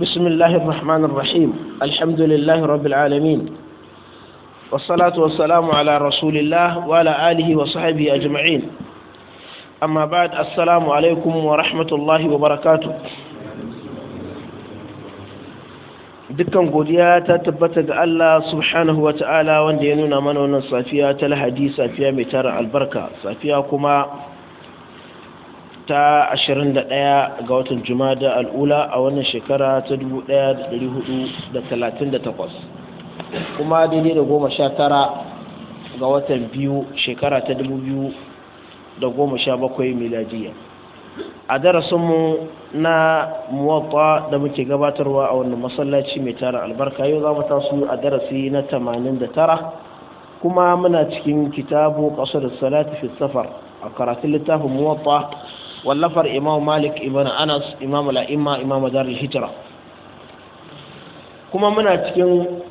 بسم الله الرحمن الرحيم الحمد لله رب العالمين والصلاة والسلام على رسول الله وعلى آله وصحبه أجمعين أما بعد السلام عليكم ورحمة الله وبركاته dukkan godiya ta الله سبحانه وتعالى subhanahu wa ta'ala wanda ya nuna mana wannan safiya ta lahadi ta 21 ga watan jumada al'ula a wannan shekara ta 1438 kuma daidai da goma sha tara ga watan biyu shekara ta 2017 miladiya a darasinmu na muwatta da muke gabatarwa a wannan masallaci mai tara albarka yau za mu tasu a darasi na 89 kuma muna cikin kitabu ƙasar salati fi safar a karatun littafin muwatta wallafar imam malik ibn anas imam la'imma imam darul hijira kuma muna cikin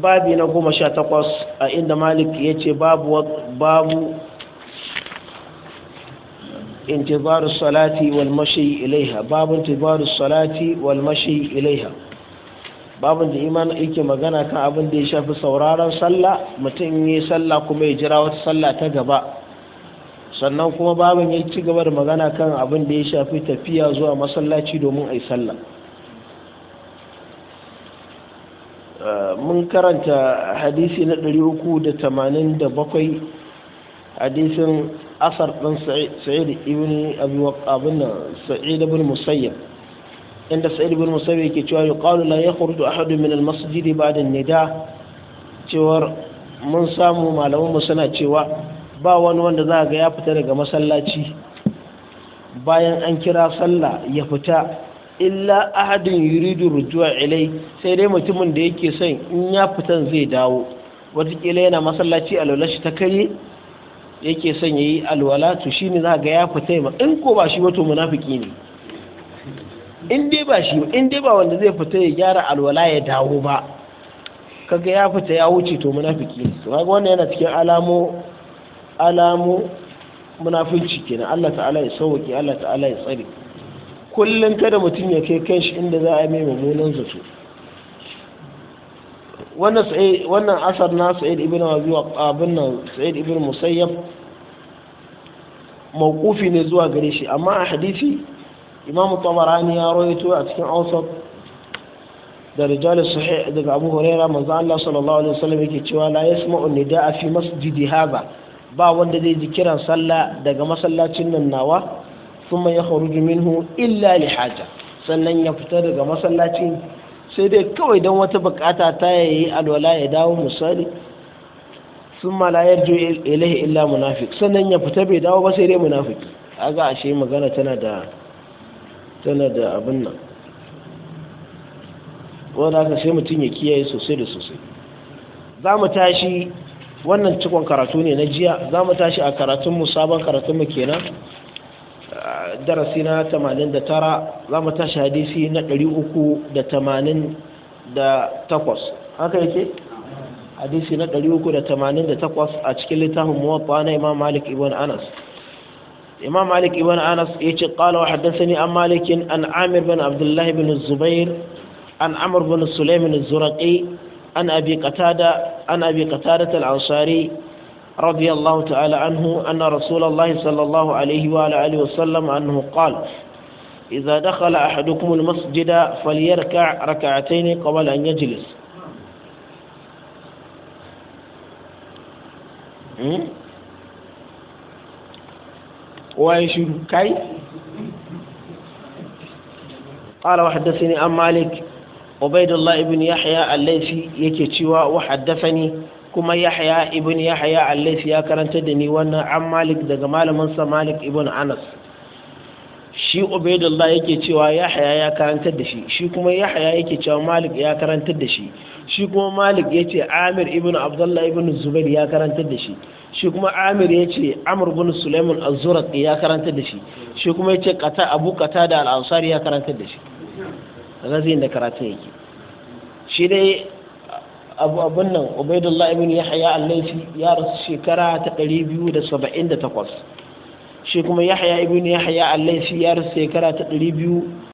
babi na goma sha takwas a inda malik ya ce babu intibaru salati wal mashi ilaiha babu intibaru salati wal mashi ilaiha babin da iman yake magana kan abin da ya shafi sauraron sallah mutum yi sallah kuma ya jira wata sallah ta gaba sannan kuma babin ya ci gaba da magana kan abin da ya shafi tafiya zuwa masallaci domin a yi sallah uh, mun karanta hadisi na 387 hadisin asar ɗin sa'id ibn abin sa'id ibn musayyab inda sa'id ibn musayyab yake cewa yuqalu la yakhruju ahadun min al-masjid ba'da an-nida cewar mun samu malaman mu suna cewa ba wani wanda za ga ya fita daga masallaci bayan an kira sallah ya fita illa ahadin yuridu rujuwa ilai sai dai mutumin da yake son in ya fita zai dawo watakila yana masallaci a shi ta kare yake son ya yi alwala to shi ne za ga ya fita ma in ko ba shi wato munafiki ne in dai ba shi in dai ba wanda zai fita ya gyara alwala ya dawo ba kaga ya fita ya wuce to munafiki ne to kaga wannan yana cikin alamo alamu munafinci kenan Allah ta'ala ya sauke Allah ta'ala ya tsare kullum kada mutum ya kai kanshi inda za a yi mai mummunan zato wannan asar na sa'id ibn abi abin nan sa'id ibn musayyab mawqufi ne zuwa gare shi amma a hadisi imam tabarani ya rawaito a cikin awsat da rijal sahih daga abu hurairah manzo Allah sallallahu alaihi wasallam yake cewa la yasma'u nida'a fi masjidi hadha ba wanda zai ji kiran sallah daga masallacin nan nawa kuma ya kharuju minhu illa li haja sannan ya fita daga masallacin sai dai kawai don wata bukata ta yayi alwala ya dawo misali sun la yarju ilaihi illa munafik sannan ya fita bai dawo ba sai dai munafiki ga ashe magana tana da tana da abin nan wanda haka sai mutum ya kiyaye sosai da sosai za mu tashi wannan cikon karatu ne na jiya za mu tashi a karatunmu sabon karatunmu kenan darasi na 89 za mu tashi hadisi na 388 haka yake hadisi na 388 a cikin littafin muwatta na imam malik ibn anas imam malik ibn anas ya ce qala wa haddathani an malikin an amir bin abdullahi bin zubair an amr bin sulaim zuraqi عن أبي قتادة عن أبي قتادة الأنصاري رضي الله تعالى عنه أن رسول الله صلى الله عليه وآله وسلم أنه قال إذا دخل أحدكم المسجد فليركع ركعتين قبل أن يجلس ويشوف كي قال وحدثني عن مالك ObaidulLah ibn yahya al yake cewa wa haddathani kuma yahya ibn yahya al ya karanta da ni wannan an malik daga malamin sa malik ibn anas shi ubaidullah yake cewa yahya ya karanta da shi shi kuma yahya yake cewa malik ya karanta da shi shi kuma malik yace amir ibn abdullah ibn zubair ya karanta da shi shi kuma amir ya ce ibn sulaiman suleiman azurak ya karanta da shi shi kuma ya ce kata abu kata da al-ansari ya karanta da shi kaga zai da karatu yake shi dai abu abun nan ubaidullah ibn yahya al-laifi ya rasu shekara ta 278 shi kuma yahya ibn yahya al-laifi ya rasu shekara ta 200